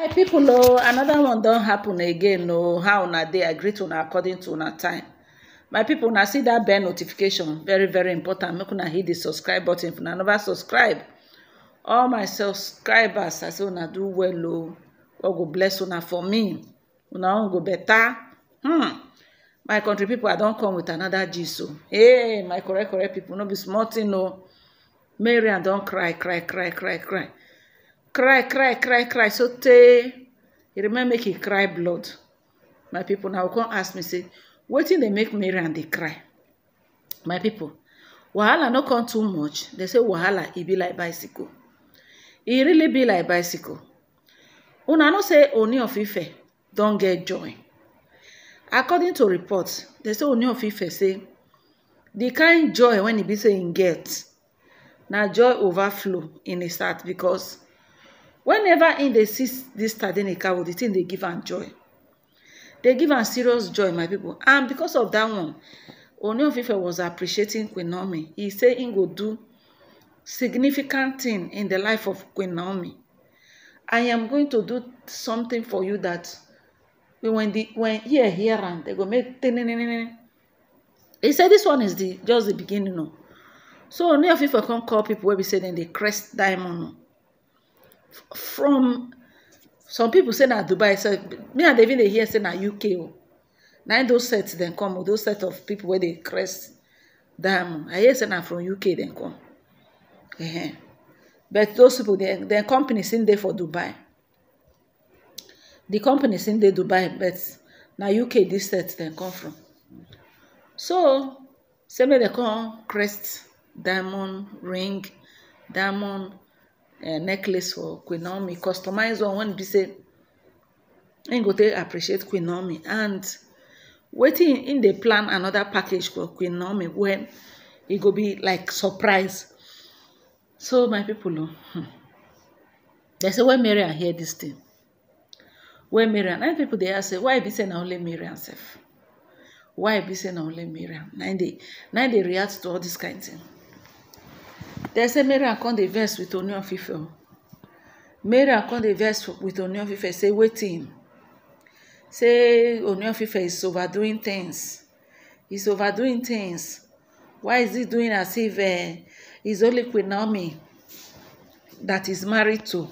hi people, oh, another one don't happen again oh. how na dey agree to una according to una time my people, una see that bell notification very very important make una hit the subscribe button if una never subscribe all my subscribers i say una do well o oh. god go bless una for me una own go better. hmm my country people, i don't come with another Jesus. Oh. hey my correct correct people, no be small no. Oh. Mary, I don't cry cry cry cry cry cry cry cry cry sotey e remain make e cry blood my people. Now, go come ask me say what wetin they make and they cry my people, wahala no come too much They say wahala he be like bicycle He really be like bicycle una know say oni of ife don get joy according to reports, they say oni of ife say the kind joy when he be saying e get Now joy overflow in his heart because whenever im dey see dis tadini cow the thing they give and joy they give and serious joy my people and because of that one Ooni of Ife was appreciating Queen Naomi he say im go do significant thing in the life of Queen Naomi I am going to do something for you that when the when here here and they go make tininininini he say this one is the just the beginning o so Ooni of Ife come call people where we say dem dey crest diamond o from some people say na dubai so me and david dey hear say na uk o na those sets dem come o those set of people wey dey crest diamond i hear say na from uk dem come uh -huh. but those people dem dem company still dey for dubai the company still dey dubai but na uk this set dem come from so say make dem come crest diamond ring diamond uh, necklace for queen naomi customize one one be say im go take appreciate queen naomi and wetin im dey plan another package for queen naomi when e go be like surprise so my people o oh, hmm, dem say when mariam hear this thing when mariam na people dey ask say why be say na only mariam sef why be say na only mariam na im dey na im dey react to all this kind of thing. They say Mary come the verse with Onion Fife. Mary come the verse with Onion Fife. Say waiting. Say Onion Fife is overdoing things. He's overdoing things. Why is he doing as if uh, he's only with Naomi that he's married to?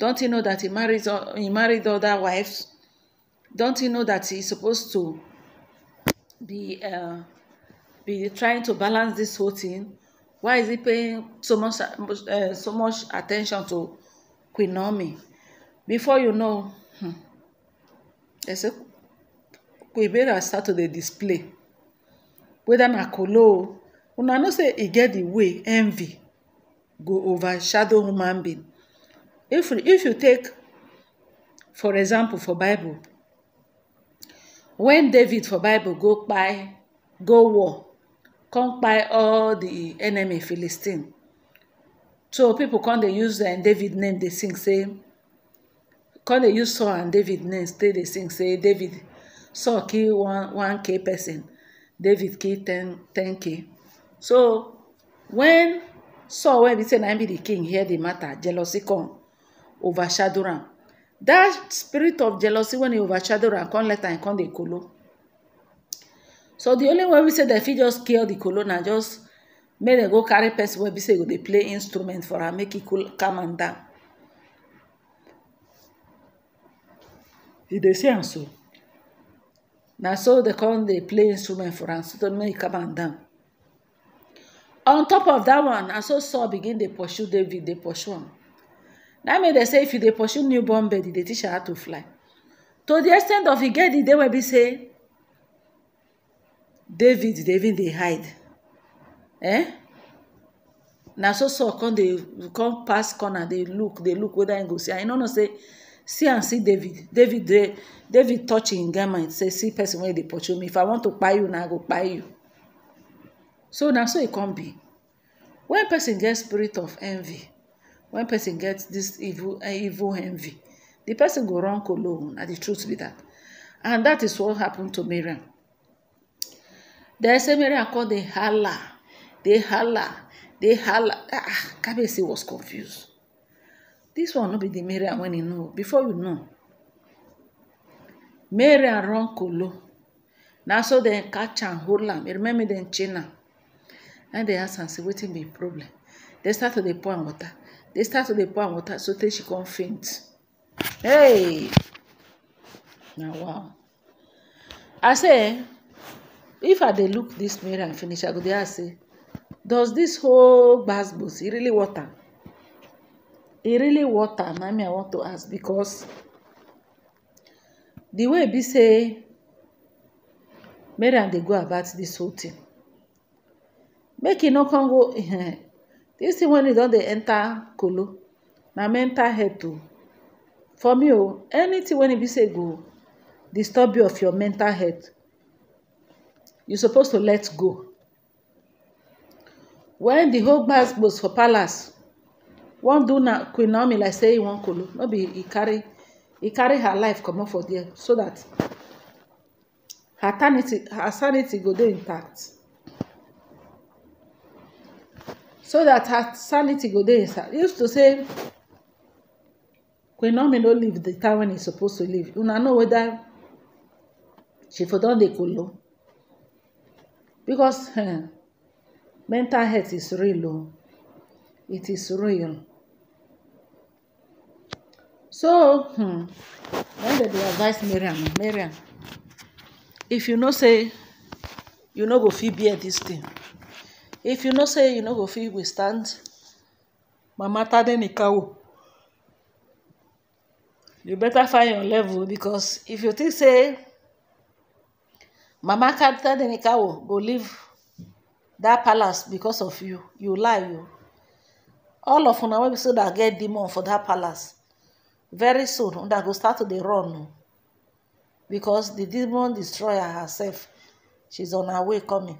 Don't you know that he married he married other wives? Don't you know that he's supposed to be uh, be trying to balance this whole thing? Why is he paying so much uh, so much attention to Queen Naomi? Before you know, hmm, there's a Queen Naomi start to dey display whether na kolo o una no say he get the way envy go overshadow human being if if you take for example for Bible when David for Bible go by go war compile all the enemy philistine so people come dey use uh, david name dey sing say come dey use saul and david name still dey sing say david saul kill one one k person david kill ten ten k so when saul wey be say na him be the king hear the matter jealousy come overshadow am that spirit of jealousy when e overshadow am come later e come dey kolo so the only way we say they fit just kill the kolo na just make dem go carry person wey be say they play instrument for am make e calm and down you dey see am so na so they come they play instrument for am so to make e calm and down on top of that one na so saw begin dey pursue david they pursue am Now make they say if you dey pursue newborn baby dey teach her how to fly to the extent of he get the day wey be say david dey even dey hide eh na so saul come dey come pass corner dey look dey look whether im go see am e no know say see am see david david dey david touch im garment say see person wey dey pursue me if i want to kpai you na i go kpai you so na so e come be when person get spirit of envy when person get this evil uh, evil envy the person go run kolo na the truth be that and that is what happened to miriam There's a area called the Hala. The Hala. The Hala. Ah, Kabesi was confused. This one not be the Miriam when you know. Before you know, Miriam run Kolo. Now so they catch and hold him. Remember them China. And they ask and say, wetin be problem? They start to the point water. They start to the point water so tey she come faint. Hey! Now wow. I say, if i dey look this mirror and finish i go dey ask say does this whole gbasgbos e really worth am e really worth am na me i want to ask because the way e be say Mariam dey go about this whole thing make e no come go dis thing when e don dey enter kolo na mental health o for me o anything when e be say go disturb you of your mental health you supposed to let go When the whole was for palace one do not queen naomi like say one wan kolo no be carry he carry her life come comot for there so that her sanity her sanity go there intact so that her sanity go there intact used to say queen naomi no live the time when e supposed to live. You know whether she for don't they kolo because eh, mental health is real o oh. it is real so hmm, when they dey advise mariam mariam if you know say you no go fit bear this thing if you know say you no go fit withstand mama tadenikawo you better find your level because if you think say Mama the Tadenikawo go leave that palace because of you. You lie you. All of una wey be say una get demon for that palace, very soon una go start to dey run oh. Because the demon destroyer herself, she's on her way coming.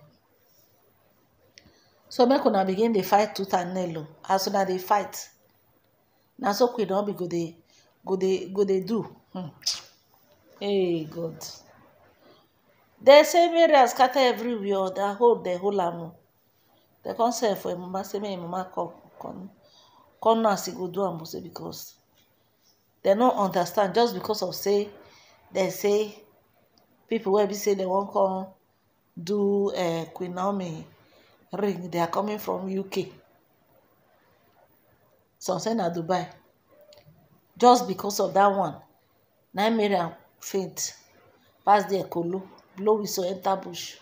So make una begin dey fight tooth and nail o. Oh. As una dey fight, na so Queen Naomi go dey go dey go dey do. Hmm. Hey God the same area scatter everywhere the whole the whole am The dem for im mama say make mama come come come know as e go do am say because they don't understand just because of say they say people will be say they won't come do a eh, Queen Naomi ring they are coming from UK some say na Dubai just because of that one na Mariam faint pass the kolo blow so enter bush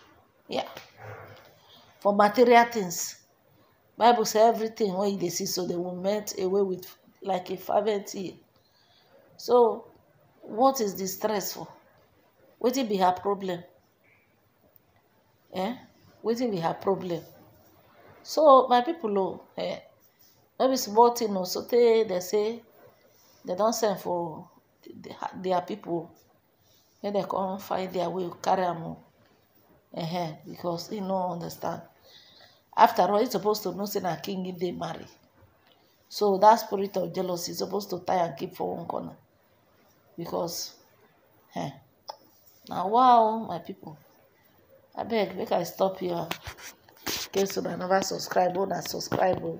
yeah for material things bible say everything wey you dey see so they will melt away with like a fervent ear so what is the stress for wetin be her problem eh wetin be her problem so my people o oh, eh no be small thing o oh, sotey dem say dem don send for their people o oh make dem come find their way carry am o ehen because he no understand after all him suppose to know say na king him dey marry so that spirit of jealousy suppose to tie and keep for one corner because eh, na wow my people abeg make i stop here in case una never subscribe una subscribe o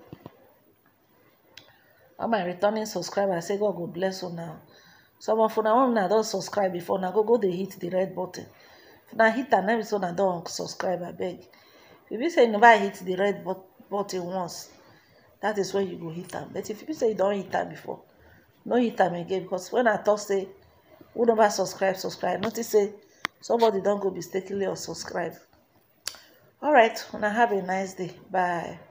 all my returning subscribers say god go bless una someone for now na don subscribe before na go go dey hit the red button If na hit am every so na don subscribe abeg if you be say you never hit the red but button once that is when you go hit am but if you be say you don hit am before no hit am again because when i talk say who never subscribe subscribe notice say somebody don go mistakenly unsubscribe all right una have a nice day bye